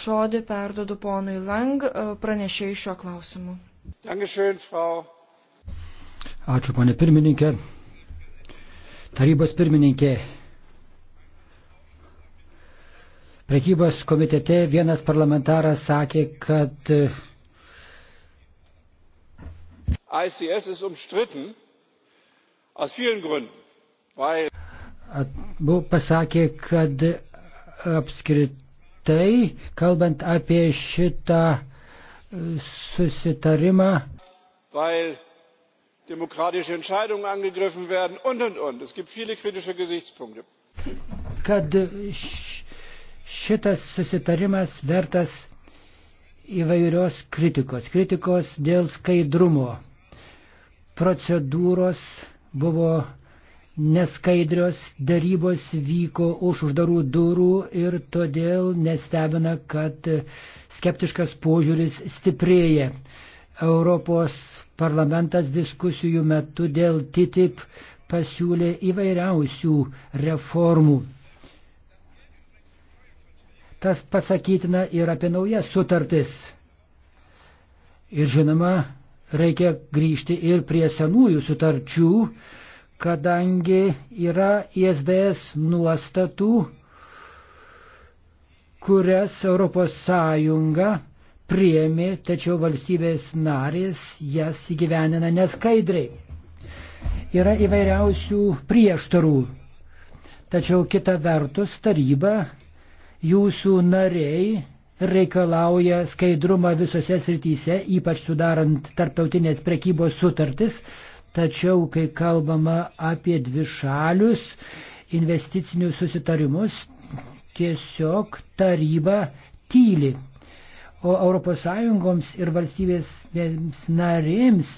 žodį perdodu ponui Lang, e, pranešėjai šiuo klausimu. Ačiū, ponė pirmininkė. Tarybos pirmininkė. Prekybos komitete vienas parlamentaras sakė, kad e, ICS ist umstritten aus vielen Gründen. Weil pasakė, kad apskrit tai, kalbant apie šitą e, susitarimą. Weil demokratische Entscheidungen angegriffen werden und und und. Es gibt viele kritische Gesichtspunkte. Kad šitas susitarimas vertas įvairios kritikos. Kritikos dėl skaidrumo. Procedūros buvo neskaidrios darybos vyko už uždarų durų ir todėl nestebina, kad skeptiškas požiūris stiprėja. Europos parlamentas diskusijų metu dėl TTIP pasiūlė įvairiausių reformų. Tas pasakytina ir apie naujas sutartis. Ir žinoma, reikia grįžti ir prie senųjų sutarčių, kadangi yra ISDS nuostatų, kurias ES priemi, tačiau valstybės narės jas įgyvenina neskaidriai. Yra įvairiausių prieštarų. Tačiau kita vertus taryba, jūsų nariai reikalauja skaidrumą visose srityse, ypač sudarant tarptautinės prekybos sutartis, Tačiau, kai kalbama apie dvišalius investicinius susitarimus, tiesiog taryba tyli. O ES ir valstybės narėms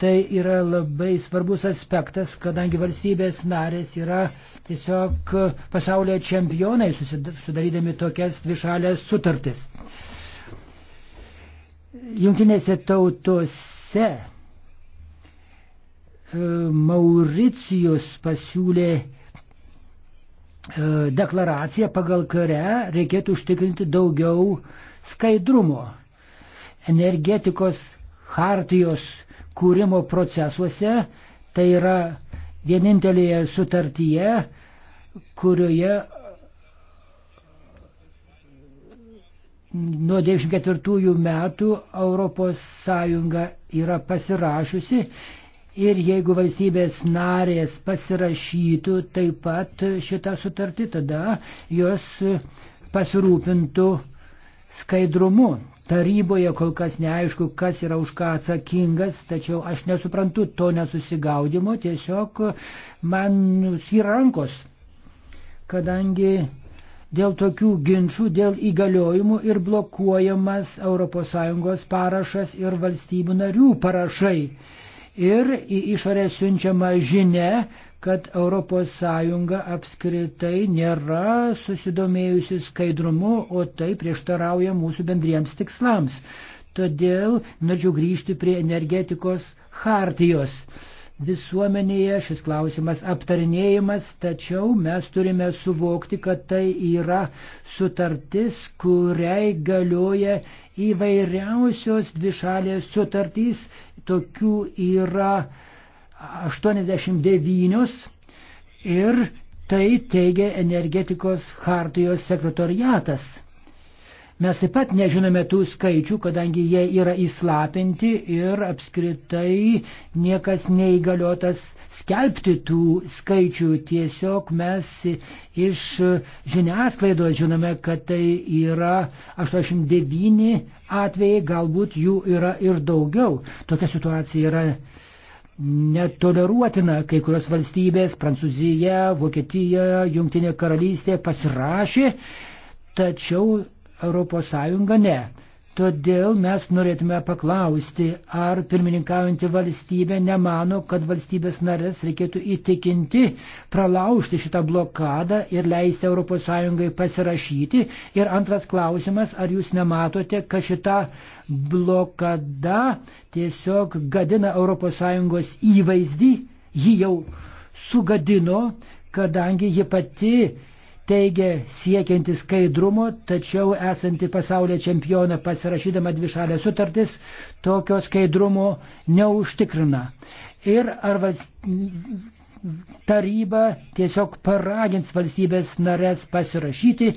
tai yra labai svarbus aspektas, kadangi valstybės narės yra tiesiog pasaulio čempionai sudarydami tokias dvišalės sutartis. Jungtinėse tautose E, Mauricijus pasiūlė e, deklaraciją, pagal kurią reikėtų užtikrinti daugiau skaidrumo energetikos hartijos kūrimo procesuose. Tai yra vienintelėje sutartyje, kurioje nuo 94 metų ES yra pasirašusi Ir jeigu valstybės narės pasirašytų taip pat šitą sutartį, tada jos pasirūpintų skaidrumu. Taryboje kol kas neaišku, kas yra už ką atsakingas, tačiau aš nesuprantu to nesusigaudimo, tiesiog man įrankos, kadangi dėl tokių ginčių, dėl įgaliojimų ir blokuojamas ES parašas ir valstybių narių parašai ir į išorę siunčiama žinia, kad ES apskritai nėra susidomėjusi skaidrumu, o tai prieštarauja mūsų bendriems tikslams. Todėl norėčiau grįžti prie energetikos hartijos. Visuomenėje šis klausimas aptarinėjimas, tačiau mes turime suvokti, kad tai yra sutartis, kuriai galioja įvairiausios dvišalės sutartys tokių yra 89 ir tai teigia energetikos hartijos sekretoriatas. Mes taip pat nežinome tų skaičių, kadangi jie yra įslapinti ir apskritai niekas neįgaliotas skelbti tų skaičių. Tiesiog mes iš žiniasklaidos žinome, kad tai yra 89 atvejai, galbūt jų yra ir daugiau. Tokia situacija yra netoleruotina, kai kurios valstybės, Prancūzija, Vokietija, Junktinė karalystė pasirašė, tačiau ES ne. Todėl mes norėtume paklausti, ar pirmininkaujantį valstybę nemano, kad valstybės narės reikėtų įtikinti, pralaužti šitą blokadą ir leisti ES pasirašyti. Ir antras klausimas, ar jūs nematote, kad šita blokada tiesiog gadina ES įvaizdį, jį jau sugadino, kadangi ji pati teigia siekianti skaidrumo, tačiau esanti pasaulio čempionė pasirašydama dvišalę sutartis tokio skaidrumo neužtikrina. Ir ar valst... taryba tiesiog paragins valstybės narės pasirašyti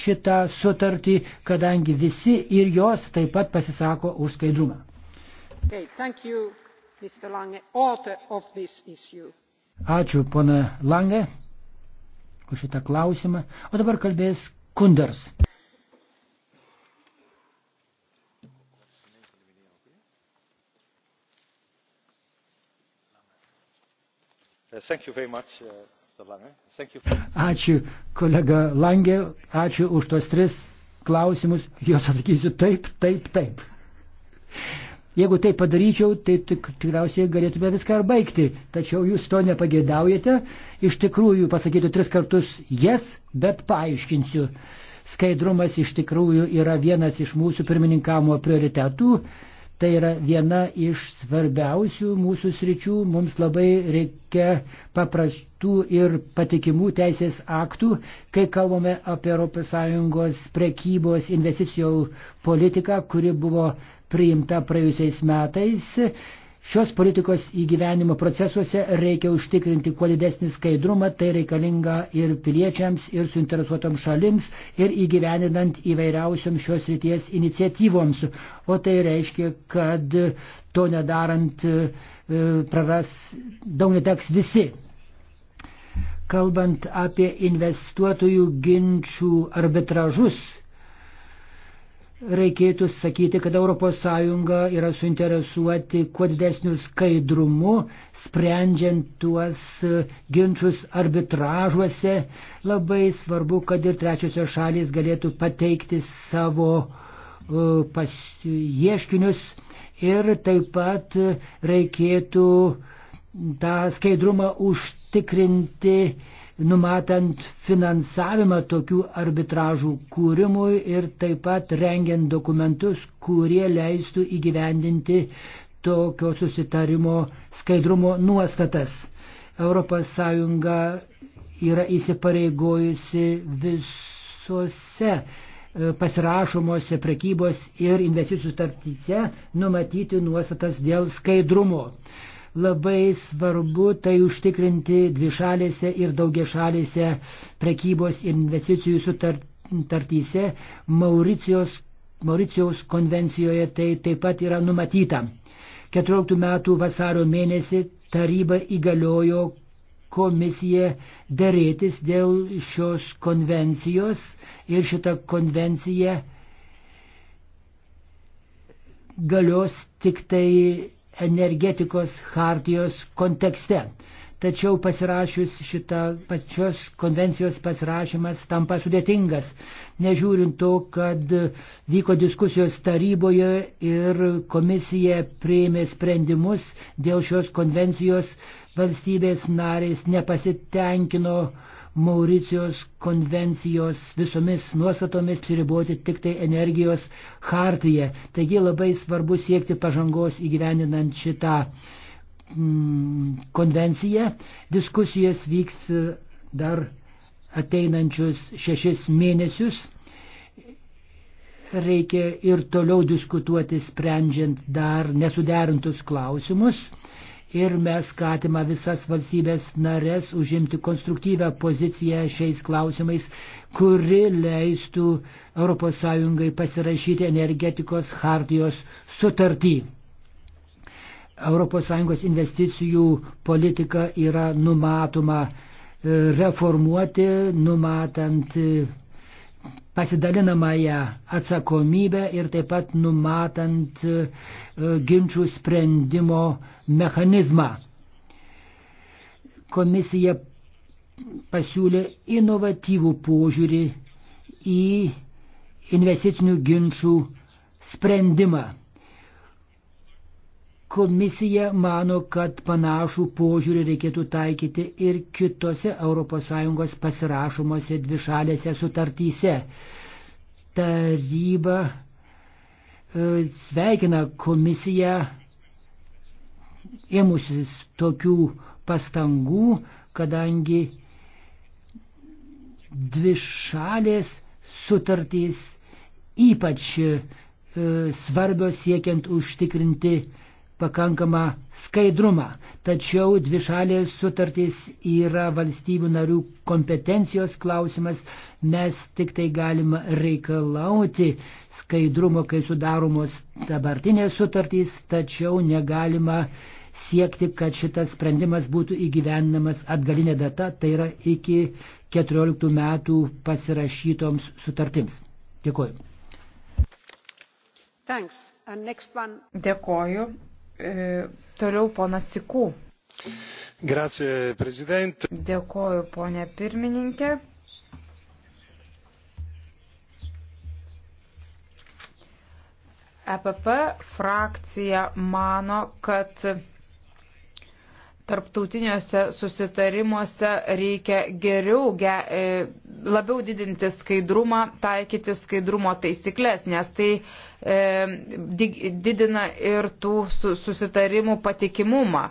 šitą sutartį, kadangi visi ir jos taip pat pasisako už skaidrumą. Okay, thank you, Mr. Lange, author of this issue. Ačiū, pana Lange už šitą klausimą. O dabar kalbės Kunders. Uh, ačiū kolega Langė, ačiū už tos tris klausimus, juos atsakysiu taip, taip, taip. Jeigu tai padaryčiau, tai tik, tikriausiai galėtume viską ir baigti. Tačiau jūs to nepageidaujate. Iš tikrųjų, pasakytų tris kartus jas, yes, bet paaiškinsiu. Skaidrumas iš tikrųjų yra vienas iš mūsų pirmininkamo prioritetų. Tai yra viena iš svarbiausių mūsų sričių. Mums labai reikia paprastų ir patikimų teisės aktų, kai kalbame apie ES prekybos investicijų politiką, kuri buvo priimta praėjusiais metais. Šios politikos įgyvenimo procesuose reikia užtikrinti kuo didesnį skaidrumą, tai reikalinga ir piliečiams, ir suinteresuotom šalims, ir įgyveninant įvairiausiam šios ryties iniciatyvoms. O tai reiškia, kad to nedarant e, praras, daug neteks visi kalbant apie investuotojų ginčių arbitražus, reikėtų sakyti, kad ES yra suinteresuoti kuo didesniu skaidrumu, sprendžiant tuos e, ginčius arbitražuose. Labai svarbu, kad ir trečiosios šalis galėtų pateikti savo uh, pas, ieškinius ir taip pat reikėtų tą skaidrumą užtikrinti uh, numatant finansavimą tokių arbitražų kūrimui ir taip pat rengiant dokumentus, kurie leistų įgyvendinti tokio susitarimo skaidrumo nuostatas. ES yra įsipareigojusi visose e, pasirašomose prekybos ir investicijų sutartyse numatyti nuostatas dėl skaidrumo. Labai svarbu tai užtikrinti dvišalėse ir daugiešalėse prekybos ir investicijų sutartyse. Mauricijos, Mauricijos konvencijoje tai taip pat yra numatyta. 14 metų vasario mėnesį taryba įgaliojo komisija dėrėtis dėl šios konvencijos ir šita konvencija galios tik tai energetikos hartijos kontekste. Tačiau pasirašius šitą pačios konvencijos pasirašymas tampa sudėtingas, nežiūrint to, kad vyko diskusijos taryboje ir komisija priėmė sprendimus dėl šios konvencijos, valstybės narės nepasitenkino uh, Mauricijos konvencijos visomis nuostatomis riboti tik tai energijos hartyje. Taigi labai svarbu siekti pažangos įgyveninant šitą mm, konvenciją. Diskusijas vyks dar ateinančius šešis mėnesius. Reikia ir toliau diskutuoti, sprendžiant dar nesuderintus klausimus ir mes skatima visas valstybės narės užimti konstruktyvę poziciją šiais klausimais, kuri leistų ES pasirašyti energetikos hartijos sutartį. ES investicijų politika yra numatoma e, reformuoti, numatant e, pasidalinamąją atsakomybę ir taip pat numatant e, ginčių sprendimo mechanizmą. Komisija pasiūlė inovatyvų požiūrį į investicinių ginčių sprendimą. Komisija mano, kad panašų požiūrį reikėtų taikyti ir kitose ES pasirašomose dvišalėse sutartyse. Taryba e, sveikina komisiją ėmusis tokių pastangų, kadangi dvišalės sutartys ypač e, svarbios siekiant užtikrinti pakankamą skaidrumą. Tačiau dvišalės sutartys yra valstybių narių kompetencijos klausimas. Mes tik tai galime reikalauti skaidrumo, kai sudaromos dabartinės sutartys, tačiau negalima siekti, kad šitas sprendimas būtų įgyvendinamas atgalinė data, tai yra iki 14 metų pasirašytoms sutartims. Dėkuoju. Dėkoju. E, toliau ponas Sikų. Grazie, prezidentė. Dėkoju, ponė pirmininkė. EPP frakcija mano, kad tarptautiniuose susitarimuose reikia geriau, ge, e, labiau didinti skaidrumą, taikyti skaidrumo taisyklės, nes tai e, didina ir tų susitarimų patikimumą.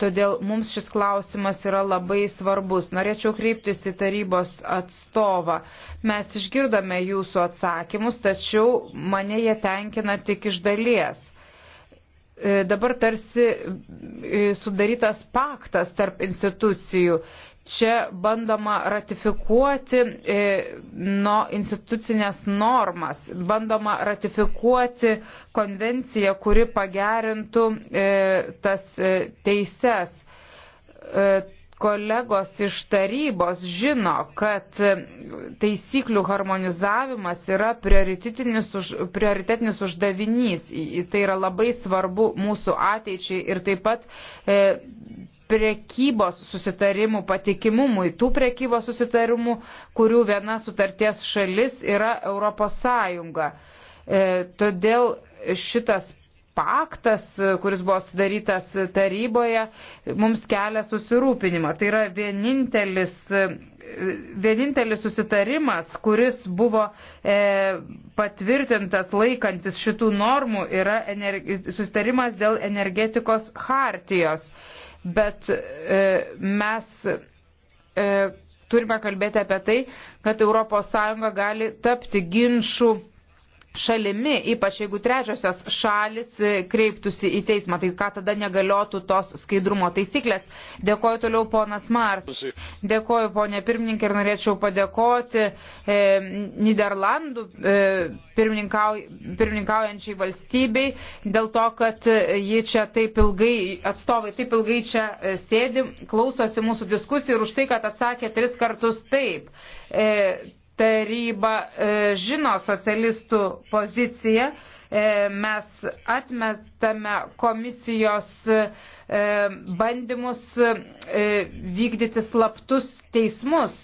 Todėl mums šis klausimas yra labai svarbus. Norėčiau kreiptis į tarybos atstovą. Mes išgirdome jūsų atsakymus, tačiau mane jie tenkina tik iš dalies E, dabar tarsi e, sudarytas paktas tarp institucijų. Čia bandoma ratifikuoti e, no, institucinės normas, bandoma ratifikuoti konvenciją, kuri pagerintų tas teises kolegos iš tarybos žino, kad taisyklių harmonizavimas yra prioritetinis, už, prioritetinis uždavinys. Tai yra labai svarbu mūsų ateičiai ir taip pat e, prekybos susitarimų patikimumui, tų prekybos susitarimų, kurių viena sutarties šalis yra Europos Sąjunga. E, todėl šitas paktas, kuris buvo sudarytas taryboje, mums kelia susirūpinimą. Tai yra vienintelis, vienintelis susitarimas, kuris buvo e, patvirtintas laikantis šitų normų, yra energi, susitarimas dėl energetikos hartijos. Bet e, mes. E, Turime kalbėti apie tai, kad ES gali tapti ginčių šalimi, ypač jeigu trečiosios šalis e, kreiptųsi į teismą, tai ką tada negaliotų tos skaidrumo taisyklės. Dėkoju toliau ponas Mart. Dėkoju ponė pirmininkė ir norėčiau padėkoti e, Niderlandų e, pirmininkau, pirmininkaujančiai valstybei dėl to, kad e, ji čia taip ilgai, atstovai taip ilgai čia e, sėdi, klausosi mūsų diskusijų ir už tai, kad atsakė tris kartus taip. E, taryba e, žino socialistų poziciją. E, mes atmetame komisijos e, bandymus vykdyti slaptus teismus.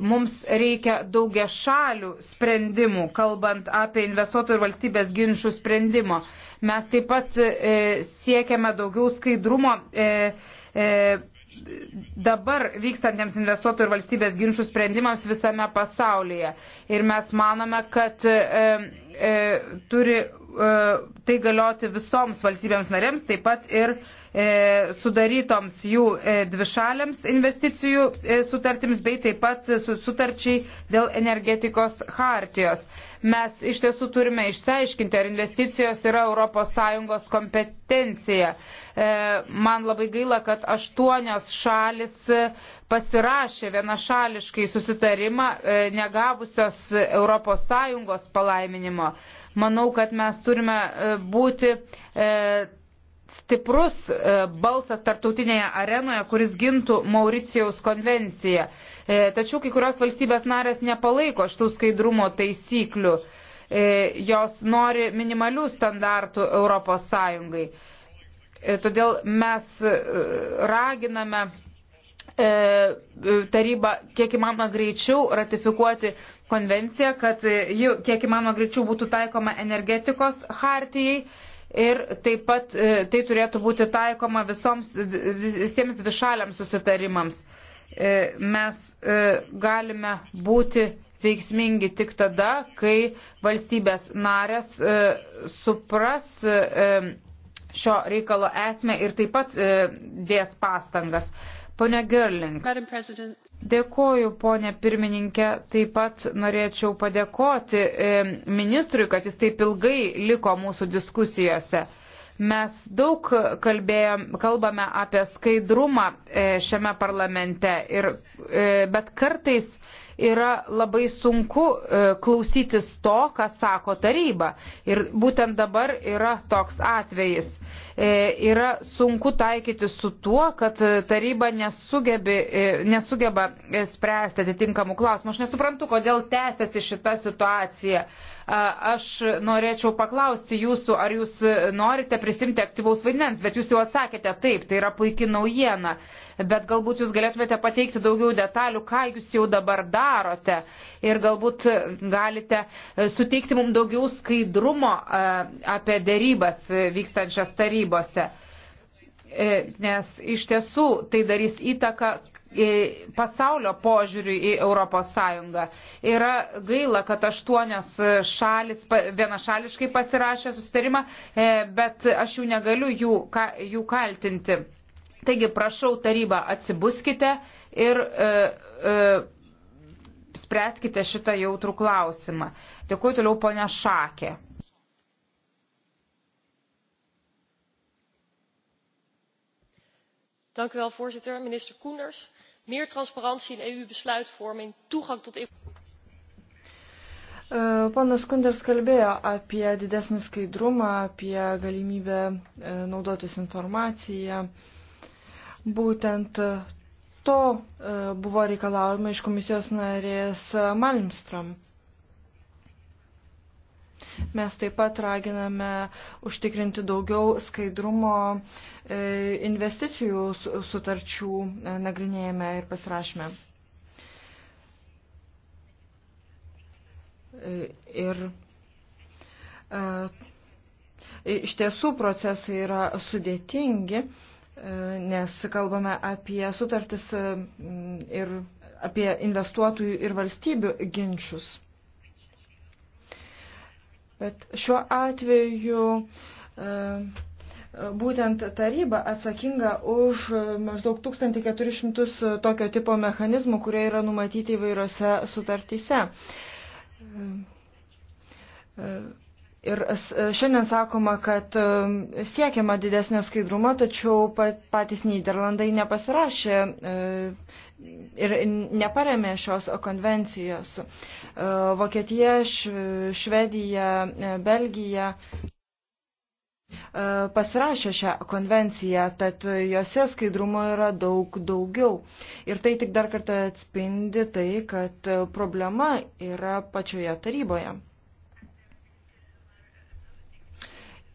Mums reikia daugia šalių sprendimų, kalbant apie investuotojų ir valstybės ginčių sprendimo. Mes taip pat siekiame daugiau skaidrumo dabar vykstantiems investuotojų ir valstybės ginčių sprendimams visame pasaulyje. Ir mes manome, kad e, e, turi E, tai galioti visoms valstybėms narėms, taip pat ir e, sudarytoms jų e, dvišaliams investicijų e, sutartims, bei taip pat su, sutarčiai dėl energetikos hartijos. Mes iš tiesų turime išsiaiškinti, ar investicijos yra ES kompetencija. E, man labai gaila, kad aštuonios šalis e, pasirašė vienašališkai susitarimą e, negavusios ES palaiminimo. Manau, kad mes turime e, būti e, stiprus balsas tarptautinėje arenoje, kuris gintų Mauricijaus konvenciją. Tačiau kai kurios valstybės narės nepalaiko šitų skaidrumo taisyklių. Jos nori minimalių standartų Europos Sąjungai. Todėl mes raginame E, taryba kiek įmanoma greičiau ratifikuoti konvenciją, kad ji kiek įmanoma greičiau būtų taikoma energetikos hartijai. Ir taip pat e, tai turėtų būti taikoma visoms, visiems dvišaliams susitarimams. E, mes galime būti veiksmingi tik tada, kai valstybės narės supras šio reikalo esmę ir taip pat dės pastangas. Pone Gerling. Dėkoju, ponė pirmininkė. Taip pat norėčiau padėkoti e, ministrui, kad jis taip ilgai liko mūsų diskusijose. Mes daug kalbėjom, kalbame apie skaidrumą e, šiame parlamente, ir, e, bet kartais yra labai sunku e, klausytis to, ką sako taryba. Ir būtent dabar yra toks atvejis. E, yra sunku taikyti su tuo, kad taryba nesugebi, e, nesugeba spręsti atitinkamų klausimų. Aš nesuprantu, kodėl tęsiasi šita situacija. Aš norėčiau paklausti jūsų, ar jūs norite prisimti aktyvaus vaidmens, bet jūs jau atsakėte taip, tai yra puikia naujiena bet galbūt jūs galėtumėte pateikti daugiau detalių, ką jūs jau dabar darote ir galbūt galite e, suteikti mums daugiau skaidrumo e, apie dėrybas e, vykstančias tarybose. Nes iš tiesų tai darys įtaką pasaulio požiūriui į Europos Sąjungą. Yra gaila, kad aštuonios šalis vienašališkai pasirašė sustarimą, bet aš jų negaliu jų, jų kaltinti. Taigi prašau tarybą atsibuskite ir e, e, spręskite šitą jautrų klausimą. Dėkuoju toliau ponia Šakė. Dank u wel, voorzitter. Minister Koenders, meer transparantie in EU-besluitvorming, toegang tot e, Panas Kunders kalbėjo apie didesnį skaidrumą, apie galimybę e, naudotis informaciją. Uh, Būtent e, to e, buvo reikalaujama iš komisijos narės e, Malmstrom. Mes taip pat raginame užtikrinti daugiau skaidrumo investicijų sutarčių nagrinėjime ir pasirašyme. Ir iš tiesų procesai yra sudėtingi nes kalbame apie sutartis e, mm, ir apie investuotojų ir valstybių ginčius. Bet šiuo atveju e, būtent taryba atsakinga už maždaug 1400 tokio tipo mechanizmų, kurie yra numatyti įvairiose sutartyse. E, Ir e, šiandien sakoma, kad e, siekiama didesnio skaidrumo, tačiau patys Niderlandai nepasirašė e, ir neparemė šios konvencijos. Vokietija, Švedija, Belgija pasirašė šią konvenciją, tad jose skaidrumo yra daug daugiau. Ir tai tik dar kartą atspindi tai, kad problema yra pačioje taryboje.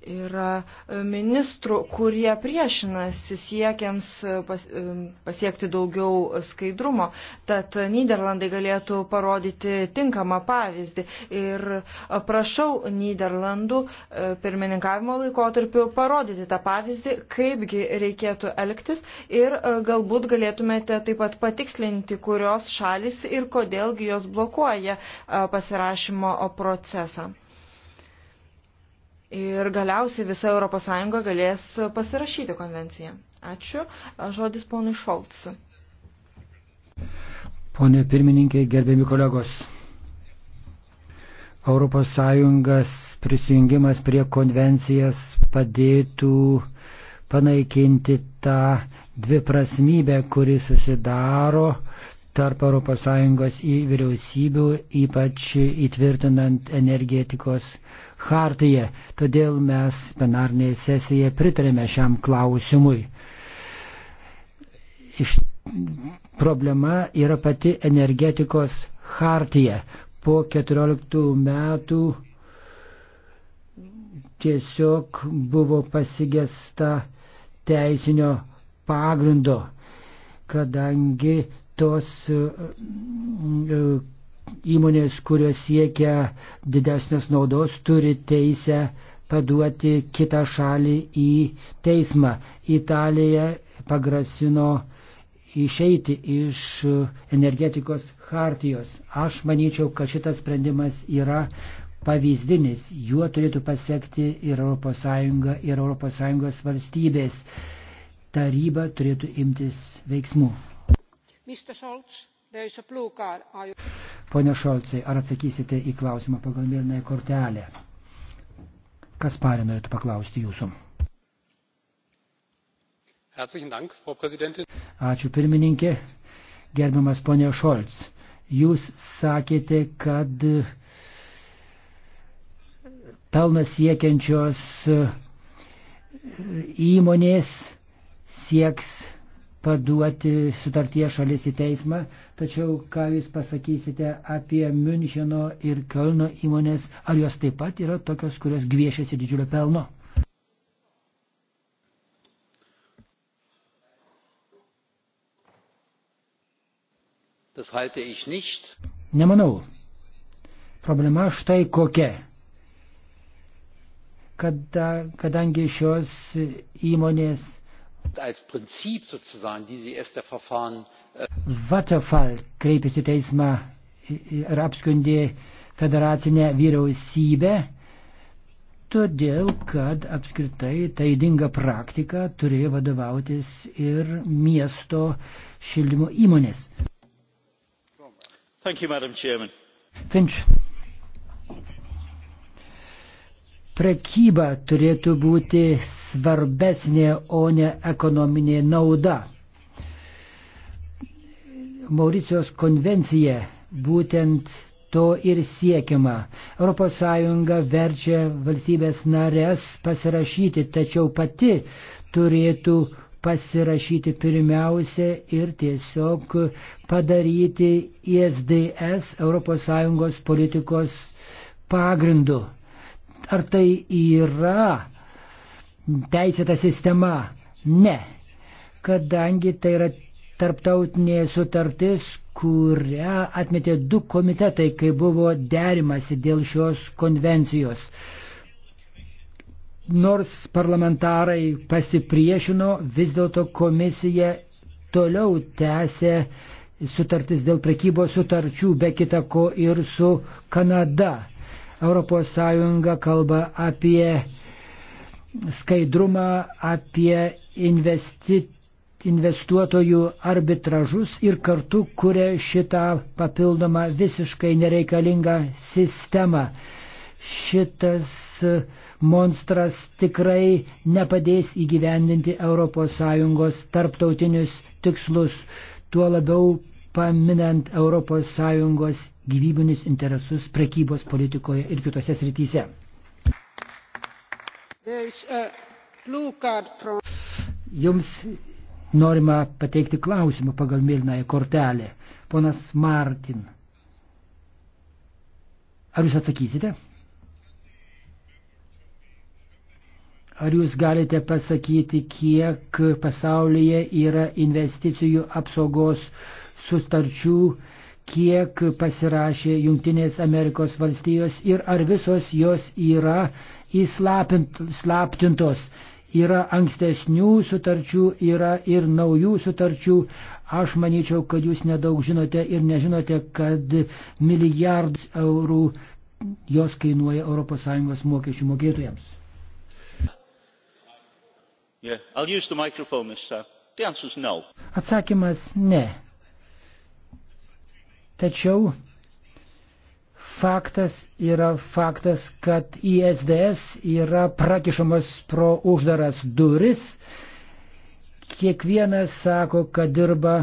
yra e, ministrų, kurie priešinasi siekiams e, pas, e, pasiekti daugiau skaidrumo. Tad Niderlandai galėtų parodyti tinkamą pavyzdį. Ir prašau Niderlandų pirmininkavimo laikotarpiu parodyti tą pavyzdį, kaipgi reikėtų elgtis ir galbūt galėtumėte taip pat patikslinti, kurios šalis ir kodėlgi jos blokuoja pasirašymo procesą ir galiausiai visa ES galės pasirašyti konvenciją. Ačiū. Žodis ponui Šolcu. Pone pirmininkė, gerbėmi kolegos. ES prisijungimas prie konvencijas padėtų panaikinti tą dviprasmybę, kuri susidaro tarp ES į vyriausybių, ypač įtvirtinant energetikos uh, hartyje. Todėl mes plenarnėje sesijoje pritarėme šiam klausimui. Iš problema yra pati energetikos hartyje. Po 14 metų tiesiog buvo pasigesta teisinio pagrindo, kadangi tos įmonės, kurios siekia didesnės naudos, turi teisę paduoti kitą šalį į teismą. Italija pagrasino išeiti iš energetikos hartijos. Aš manyčiau, kad šitas sprendimas yra pavyzdinis. Juo turėtų pasiekti ir ES, ir ES valstybės. Taryba turėtų imtis veiksmų. Mr. Scholz. Pone Šolcai, ar atsakysite į klausimą pagal mėlynąją kortelę? Kas parė norėtų paklausti jūsų? Ačiū pirmininkė. Gerbiamas ponė Šolc, jūs sakėte, kad pelnas siekiančios įmonės sieks paduoti sutartie šalis į teismą, tačiau ką Jūs pasakysite apie Müncheno ir Kölno įmonės, ar jos taip pat yra tokios, kurios gviešiasi didžiulio pelno? Das halte ich nicht. Nemanau. Problema štai kokia. Kada, kadangi šios įmonės Vatafall äh, kreipėsi teismą ir apskundė federacinę vyriausybę, todėl kad apskritai ta įdinga praktika turėjo vadovautis ir miesto šildymo įmonės. Thank you, Madam Chairman. Finch. prekyba turėtų būti svarbesnė, o ne ekonominė nauda. Mauricijos konvencija būtent to ir siekiama. ES verčia valstybės narės pasirašyti, tačiau pati turėtų pasirašyti pirmiausia ir tiesiog padaryti ISDS ES politikos pagrindu Ar tai yra teisėta sistema? Ne, kadangi tai yra tarptautinė sutartis, kurią atmetė du komitetai, kai buvo derimasi dėl šios konvencijos. Nors parlamentarai pasipriešino, vis dėlto komisija toliau tęsė sutartis dėl prekybos sutarčių, be kita ko ir su Kanada. ES kalba apie skaidrumą, apie investi, investuotojų arbitražus ir kartu kuria šitą papildomą visiškai nereikalingą sistemą. Šitas monstras tikrai nepadės įgyvendinti ES tarptautinius tikslus, tuo labiau paminant ES gyvybinius interesus prekybos politikoje ir kitose srityse. From... Jums norima pateikti klausimą pagal mėlynąją kortelę. Ponas Martin, ar jūs atsakysite? Ar jūs galite pasakyti, kiek pasaulyje yra investicijų apsaugos uh, sustarčių, kiek pasirašė Junktinės Amerikos valstijos ir ar visos jos yra įslaptintos. Yra ankstesnių sutarčių, yra ir naujų sutarčių. Aš manyčiau, kad jūs nedaug žinote ir nežinote, kad milijardus eurų jos kainuoja ES mokesčių mokėtojams. Yeah, no. Atsakymas ne Tačiau faktas yra faktas, kad ISDS yra prakišamas pro uždaras duris. Kiekvienas sako, kad dirba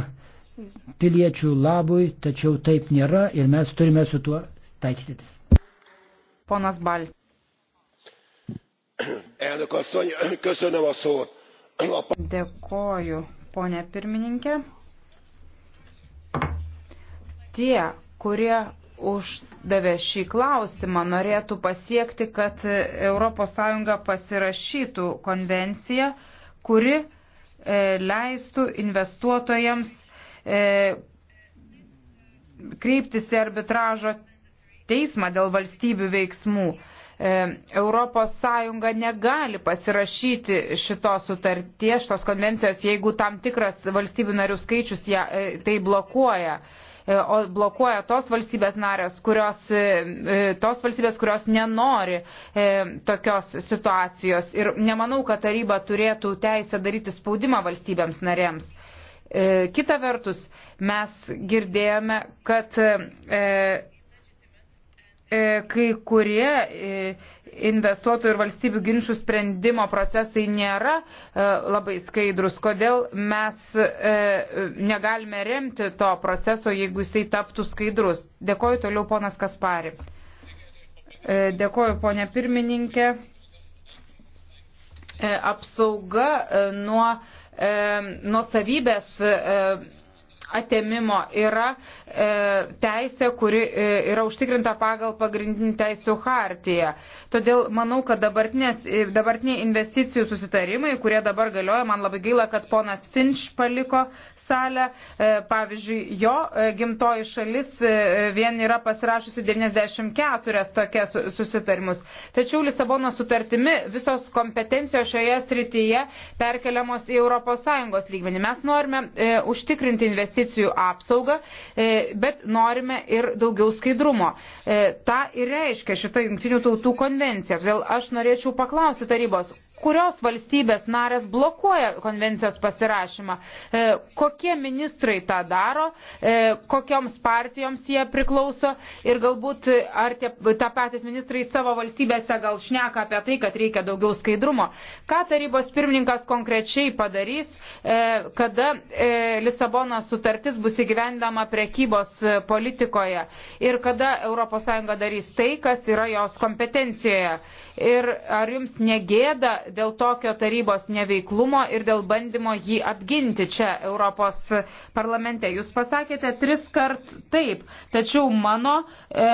piliečių labui, tačiau taip nėra ir mes turime su tuo taikstytis. Ponas Bal. Dėkoju, ponė pirmininkė tie, kurie uždavė šį klausimą, norėtų pasiekti, kad ES pasirašytų konvenciją, kuri e, leistų investuotojams e, kreiptis į arbitražo teismą dėl valstybių veiksmų. ES negali pasirašyti šitos sutarties, šitos konvencijos, jeigu tam tikras valstybių narių skaičius ją, e, tai blokuoja. E, E, o blokuoja tos valstybės narės, kurios, e, e, tos valstybės, kurios nenori tokios situacijos. Ir nemanau, kad taryba turėtų teisę daryti spaudimą valstybėms narėms. Kita vertus, mes girdėjome, kad kai kurie investuotojų ir valstybių ginčių sprendimo procesai nėra e, labai skaidrus. Kodėl mes e, negalime remti to proceso, jeigu jisai taptų skaidrus? Dėkoju toliau ponas Kaspari. E, dėkoju ponė pirmininkė. Apsauga nuo nuosavybės atėmimo yra e, teisė, kuri e, yra užtikrinta pagal pagrindinį teisų hartiją. Todėl manau, kad dabartiniai investicijų susitarimai, kurie dabar galioja, man labai gaila, kad ponas Finch paliko salę. E, pavyzdžiui, jo e, gimtoji šalis e, vien yra pasirašusi 94 tokias susitarimus. Tačiau Lisabono sutartimi visos kompetencijos šioje srityje perkeliamos į ES lygmenį. Mes norime e, užtikrinti investicijų apsaugą, e, bet norime ir daugiau skaidrumo. E, ta ir reiškia šita jungtinių tautų konvencija konvenciją. Todėl aš norėčiau paklausti tarybos, kurios valstybės narės blokuoja konvencijos pasirašymą, e, kokie ministrai tą daro, e, kokioms partijoms jie priklauso ir galbūt e, ar tie, ta patys ministrai savo valstybėse gal šneka apie tai, kad reikia daugiau skaidrumo. Ką tarybos pirmininkas konkrečiai padarys, kada Lisabono sutartis bus įgyvendama prekybos politikoje ir kada ES darys tai, kas yra jos kompetencijoje. Ir ar jums negėda dėl tokio tarybos neveiklumo ir dėl bandymo jį apginti čia Europos parlamente. Jūs pasakėte tris kart taip, tačiau mano e,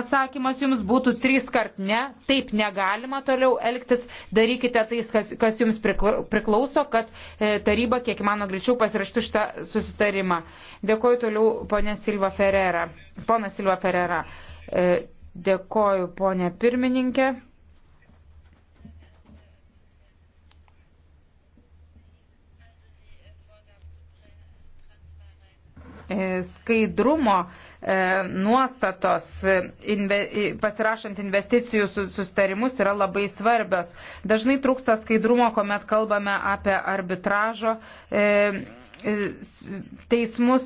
atsakymas jums būtų tris kart ne, taip negalima toliau elgtis, darykite tai, kas, kas jums priklauso, kad e, taryba kiek įmanoma greičiau pasiraštų šitą susitarimą. Dėkuoju toliau ponė Silva Ferrera. Pona Silva Ferrera. E, Dėkoju, ponė pirmininkė. E, skaidrumo e, nuostatos e, pasirašant investicijų sustarimus yra labai svarbios. Dažnai trūksta skaidrumo, kuomet kalbame apie arbitražo teismus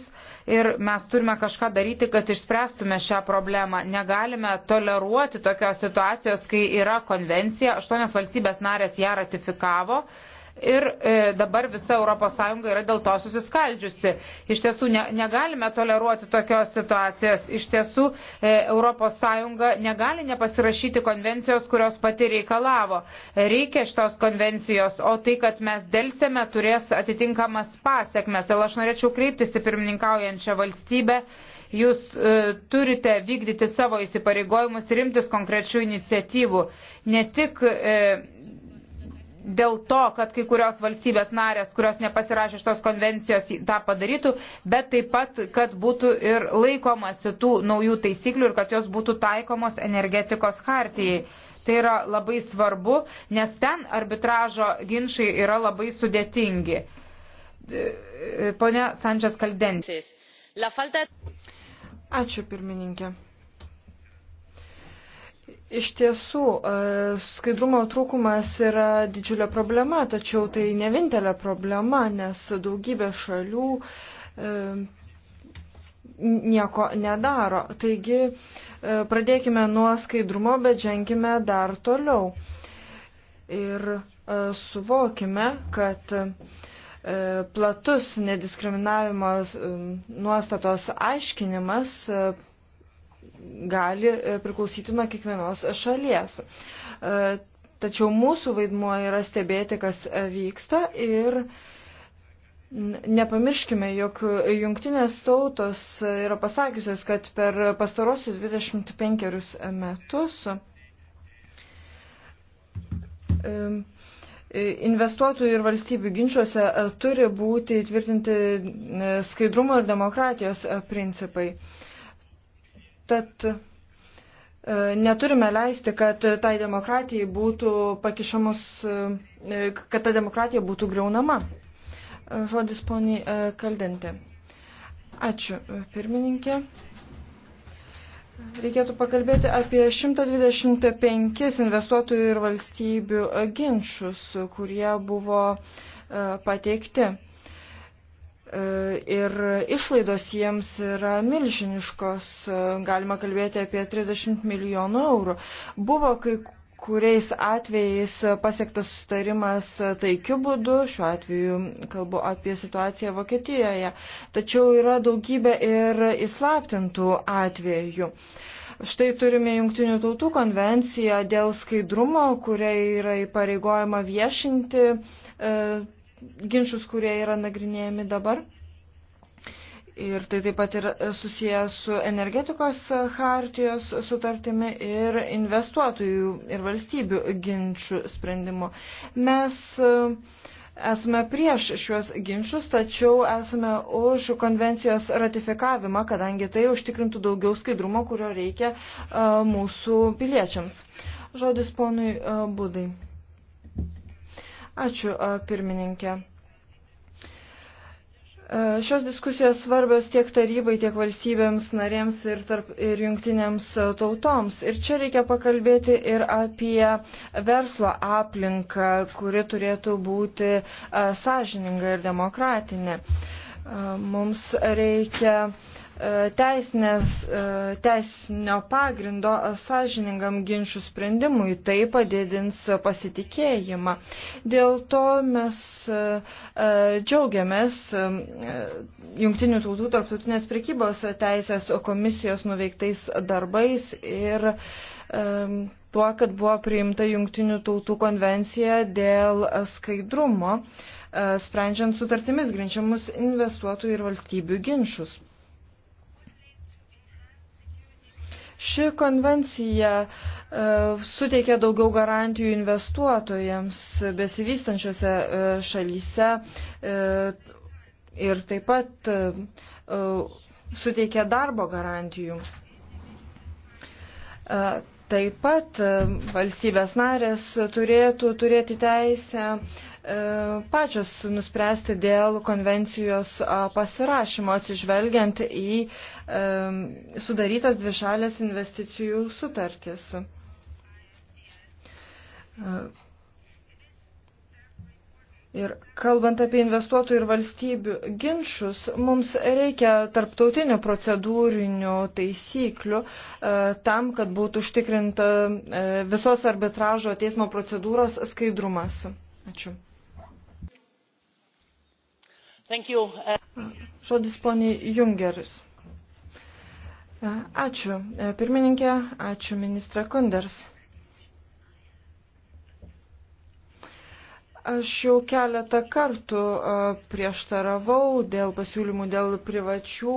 ir mes turime kažką daryti, kad išspręstume šią problemą. Negalime toleruoti tokios situacijos, kai yra konvencija, aštuonios valstybės narės ją ratifikavo ir e, dabar visa ES yra dėl to susiskaldžiusi. Iš tiesų ne, negalime toleruoti tokios situacijos. Iš tiesų e, ES negali nepasirašyti konvencijos, kurios pati reikalavo. Reikia šitos konvencijos, o tai, kad mes dėlsėme, turės atitinkamas pasiekmes. Todėl aš norėčiau kreiptis į pirmininkaujančią valstybę jūs e, turite vykdyti savo įsipareigojimus ir imtis konkrečių iniciatyvų. Ne tik e, dėl to, kad kai kurios valstybės narės, kurios nepasirašė šitos konvencijos, tą padarytų, bet taip pat, kad būtų ir laikomasi tų naujų taisyklių ir kad jos būtų taikomos energetikos hartijai. Tai yra labai svarbu, nes ten arbitražo ginčiai yra labai sudėtingi. Pone Sančias Kaldencijas. Ačiū pirmininkė. Iš tiesų, e, skaidrumo trūkumas yra didžiulė problema, tačiau tai ne vienintelė problema, nes daugybė šalių e, nieko nedaro. Taigi, e, pradėkime nuo skaidrumo, bet ženkime dar toliau. Ir suvokime, kad platus nediskriminavimo nuostatos aiškinimas gali e, priklausyti nuo kiekvienos šalies. E, tačiau mūsų vaidmuo yra stebėti, kas e, vyksta ir nepamirškime, jog jungtinės tautos yra pasakiusios, kad per pastarosius 25 metus investuotojų ir valstybių ginčiuose turi būti įtvirtinti skaidrumo ir demokratijos principai. Tad e, neturime leisti, kad tai demokratijai būtų pakišamos, e, kad ta demokratija būtų greunama. E, žodis poniai Kaldentė. Ačiū, pirmininkė. Reikėtų pakalbėti apie 125 investuotojų ir valstybių ginčius, kurie buvo pateikti. E, ir išlaidos jiems yra milžiniškos, e, galima kalbėti apie 30 milijonų eurų. Buvo kai kuriais atvejais pasiektas sustarimas taikiu būdu, šiuo atveju kalbu apie situaciją Vokietijoje, tačiau yra daugybė ir įslaptintų atvejų. Štai turime Junktinių tautų konvenciją dėl skaidrumo, kuria yra įpareigojama viešinti e, ginčius, kurie yra nagrinėjami dabar. Ir tai taip pat ir susijęs su energetikos hartijos sutartimi ir investuotojų ir valstybių ginčių sprendimu. Mes e, esame prieš šiuos ginčius, tačiau esame už konvencijos ratifikavimą, kadangi tai užtikrintų daugiau skaidrumo, kurio reikia e, mūsų piliečiams. Žodis ponui e, Budai. Ačiū, pirmininkė. Šios diskusijos svarbios tiek tarybai, tiek valstybėms narėms ir, tarp, ir jungtinėms tautoms. Ir čia reikia pakalbėti ir apie verslo aplinką, kuri turėtų būti sąžininga ir demokratinė. Mums reikia E, teisinės, e, teisinio pagrindo sąžiningam ginčių sprendimui. Tai padidins pasitikėjimą. Dėl to mes e, džiaugiamės Junktinių tautų tarptautinės prekybos teisės komisijos nuveiktais darbais ir tuo, kad buvo priimta Junktinių tautų konvencija dėl skaidrumo, sprendžiant sutartimis grinčiamus investuotojų ir valstybių ginčius. Ši konvencija e, suteikia daugiau garantijų investuotojams besivystančiose e, šalyse e, ir taip pat e, e suteikia darbo garantijų. E, taip pat e, valstybės narės turėtų turėti teisę e, E, pačios nuspręsti dėl konvencijos e, pasirašymo atsižvelgiant į e, sudarytas dvišalės investicijų sutartis. Ir kalbant apie investuotojų ir valstybių ginčius, mums reikia tarptautinių procedūrinių taisyklių tam, kad būtų užtikrinta visos arbitražo teismo procedūros skaidrumas. Ačiū. Žodis poniai Jungeris. Ačiū pirmininkė, ačiū ministra Kunders. Aš jau keletą kartų prieštaravau dėl pasiūlymų dėl privačių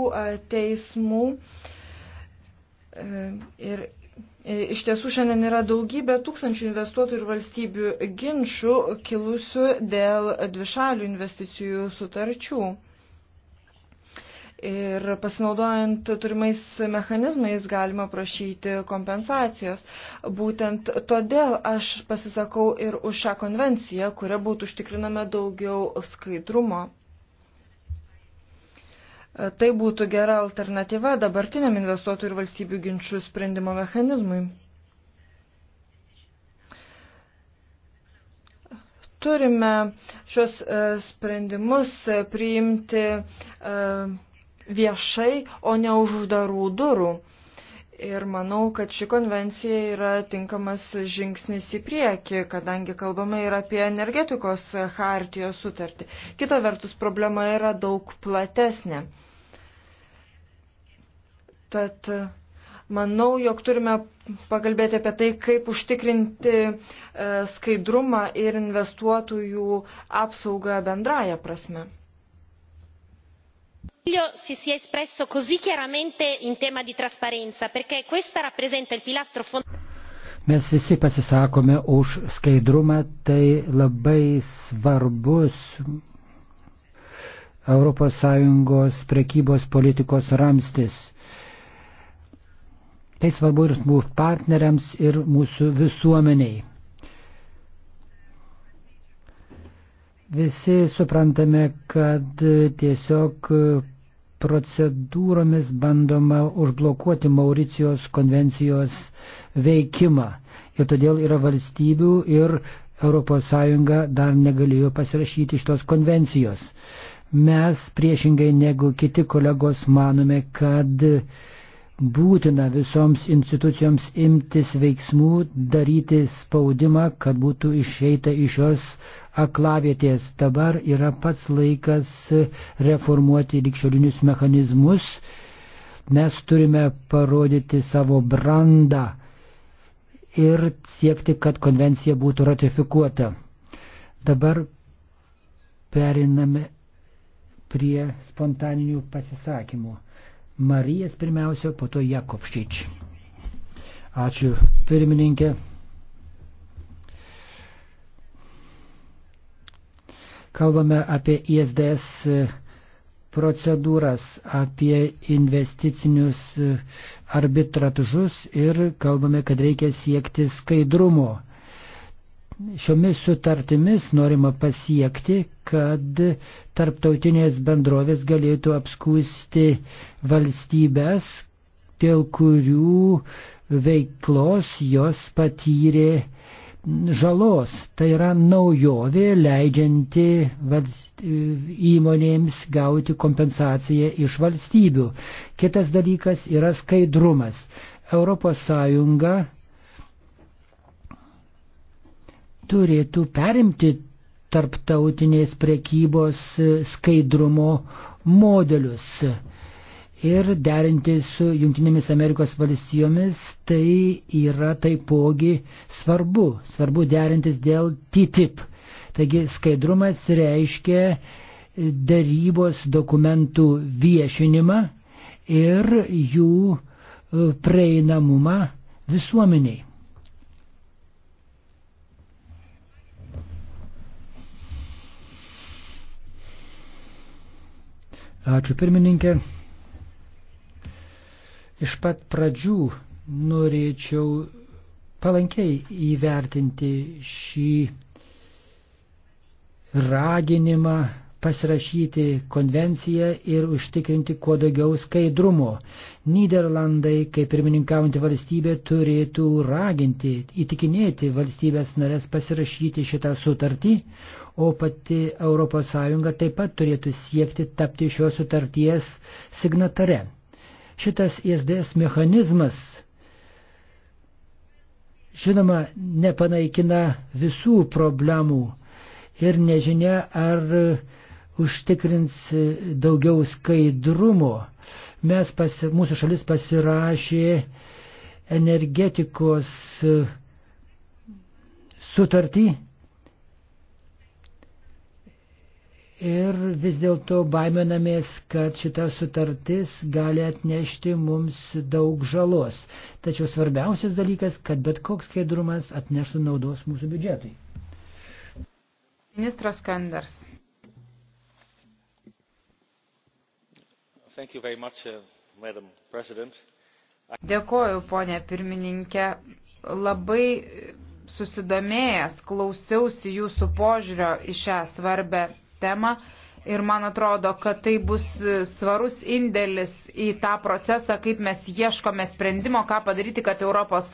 teismų e, ir E, iš tiesų šiandien yra daugybė tūkstančių investuotojų ir valstybių ginčių kilusių dėl dvišalių investicijų sutarčių. Ir pasinaudojant turimais mechanizmais galima prašyti kompensacijos. Būtent todėl aš pasisakau ir už šią konvenciją, kuria būtų užtikrinama daugiau skaidrumo. E, tai būtų gera alternatyva dabartiniam investuotojų ir valstybių ginčių sprendimo mechanizmui. Turime šios e, sprendimus priimti e, viešai, o ne už uždarų durų. Ir manau, kad ši konvencija yra tinkamas žingsnis į priekį, kadangi kalbame ir apie energetikos hartijos sutartį. Kita vertus, problema yra daug platesnė. Tad e, manau, jog turime pakalbėti apie tai, kaip užtikrinti e, skaidrumą ir investuotojų apsaugą bendrają prasme. Consiglio si sia espresso così chiaramente in tema di trasparenza perché questa rappresenta il pilastro fondamentale. Mes visi pasisakome už skaidrumą, tai labai svarbus ES prekybos politikos ramstis Tai svarbu ir mūsų partneriams, ir mūsų visuomeniai. Visi suprantame, kad tiesiog procedūromis bandoma užblokuoti Mauricijos konvencijos veikimą. Ir todėl yra valstybių ir ES dar negalėjo pasirašyti šitos konvencijos. Mes priešingai negu kiti kolegos manome, kad būtina visoms institucijoms imtis veiksmų, daryti spaudimą, kad būtų išeita iš šios aklavietės. Dabar yra pats laikas reformuoti likščiolinius mechanizmus. Mes turime parodyti savo brandą ir siekti, kad konvencija būtų ratifikuota. Dabar periname prie spontaninių pasisakymų. Marijas pirmiausia, po to Jakovščič. Ačiū pirmininkė. Kalbame apie ISDS procedūras, apie investicinius arbitražus ir kalbame, kad reikia siekti skaidrumo šiomis sutartimis norima pasiekti, kad tarptautinės bendrovės galėtų apskūsti valstybės, dėl kurių veiklos jos patyrė žalos. Tai yra naujovė leidžianti įmonėms gauti kompensaciją iš valstybių. Kitas dalykas yra skaidrumas. ES turėtų perimti tarptautinės prekybos skaidrumo modelius ir derinti su Junktinėmis Amerikos valstijomis, tai yra taipogi svarbu, svarbu derintis dėl TTIP. Taigi skaidrumas reiškia darybos dokumentų viešinimą ir jų e, prieinamumą visuomeniai. Ačiū pirmininkė. Iš pat pradžių norėčiau palankiai įvertinti šį raginimą pasirašyti konvenciją ir užtikrinti kuo daugiau skaidrumo. Niderlandai, kaip pirmininkaujantį valstybę, turėtų raginti, įtikinėti valstybės narės pasirašyti šitą sutartį, o pati ES taip pat turėtų siekti tapti šios sutarties signatare. Šitas ISDS mechanizmas, žinoma, nepanaikina visų problemų ir nežinia, ar užtikrins daugiau skaidrumo. Mes pasi, mūsų šalis pasirašė energetikos sutartį Ir vis dėlto baiminamės, kad šita sutartis gali atnešti mums daug žalos. Tačiau svarbiausias dalykas, kad bet koks skaidrumas atneštų naudos mūsų biudžetui. Ministras Kanders. Much, uh, I... Dėkoju, ponė pirmininkė. Labai susidomėjęs klausiausi jūsų požiūrio į šią svarbę sistemą. Ir man atrodo, kad tai bus svarus indėlis į tą procesą, kaip mes ieškome sprendimo, ką padaryti, kad ES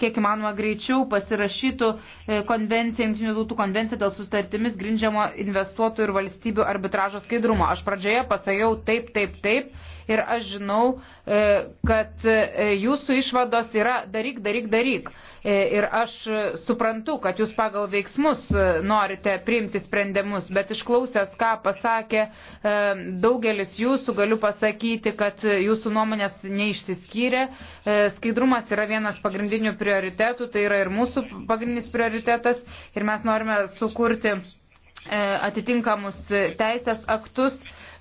kiek įmanoma greičiau pasirašytų e, konvenciją, Junktinių tautų konvenciją dėl sutartimis grindžiamo investuotojų ir valstybių arbitražo skaidrumo. Aš pradžioje pasakiau taip, taip, taip ir aš žinau, e, kad e, jūsų išvados yra daryk, daryk, daryk. E, ir aš suprantu, kad jūs pagal veiksmus norite priimti sprendimus, bet išklausęs, ką pasakė daugelis jūsų, galiu pasakyti, kad jūsų nuomonės neišsiskyrė. Skaidrumas yra vienas pagrindinių prioritetų, tai yra ir mūsų pagrindinis prioritetas ir mes norime sukurti atitinkamus teisės aktus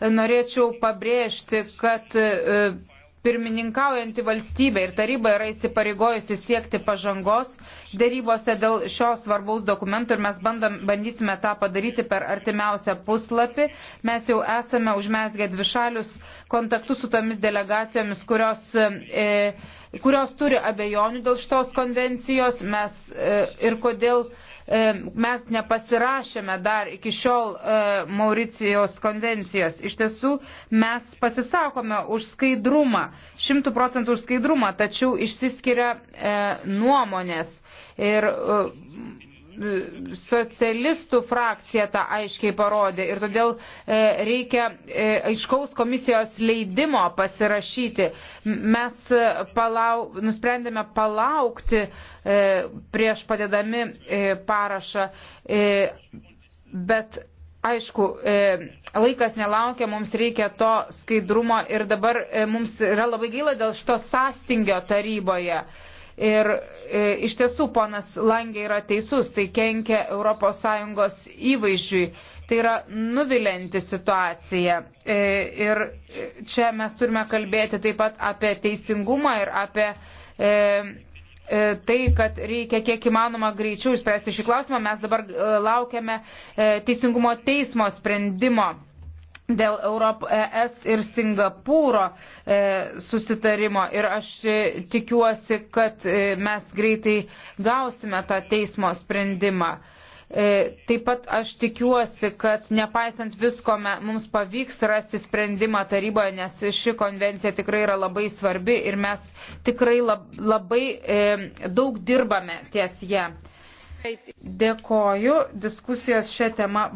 norėčiau pabrėžti, kad e, pirmininkaujanti valstybė ir taryba yra įsipareigojusi siekti pažangos dėrybose dėl šios svarbaus dokumento ir mes bandam, bandysime tą padaryti per artimiausią puslapį. Mes jau esame užmesgę dvišalius kontaktus su tomis delegacijomis, kurios, e, kurios turi abejonių dėl šitos konvencijos mes, e, ir kodėl e, E, mes nepasirašėme dar iki šiol e, Mauricijos konvencijos. Iš tiesų, mes pasisakome už skaidrumą, šimtų procentų už skaidrumą, tačiau išsiskiria e, nuomonės. Ir socialistų frakcija tą aiškiai parodė ir todėl e, reikia e, aiškaus komisijos leidimo pasirašyti. Mes e, palau, nusprendėme palaukti prieš padėdami parašą, bet aišku, laikas nelaukia, mums reikia to skaidrumo ir dabar mums yra labai gaila dėl šito sąstingio taryboje. Ir e, iš tiesų ponas Langė yra teisus, tai kenkia ES įvaizdžiui. Tai yra nuvilinti situacija. E, ir čia mes turime kalbėti taip pat apie teisingumą ir apie e, e tai, kad reikia kiek įmanoma greičiau išspręsti šį klausimą. Mes dabar e, laukiame e, Teisingumo teismo sprendimo dėl Europ, ES ir Singapūro e, susitarimo ir aš e, tikiuosi, kad e, mes greitai gausime tą teismo sprendimą. E, taip pat aš tikiuosi, kad nepaisant visko me, mums pavyks rasti sprendimą taryboje, nes ši konvencija tikrai yra labai svarbi ir mes tikrai lab, labai e, daug dirbame ties ją. Dėkoju, diskusijos šią temą.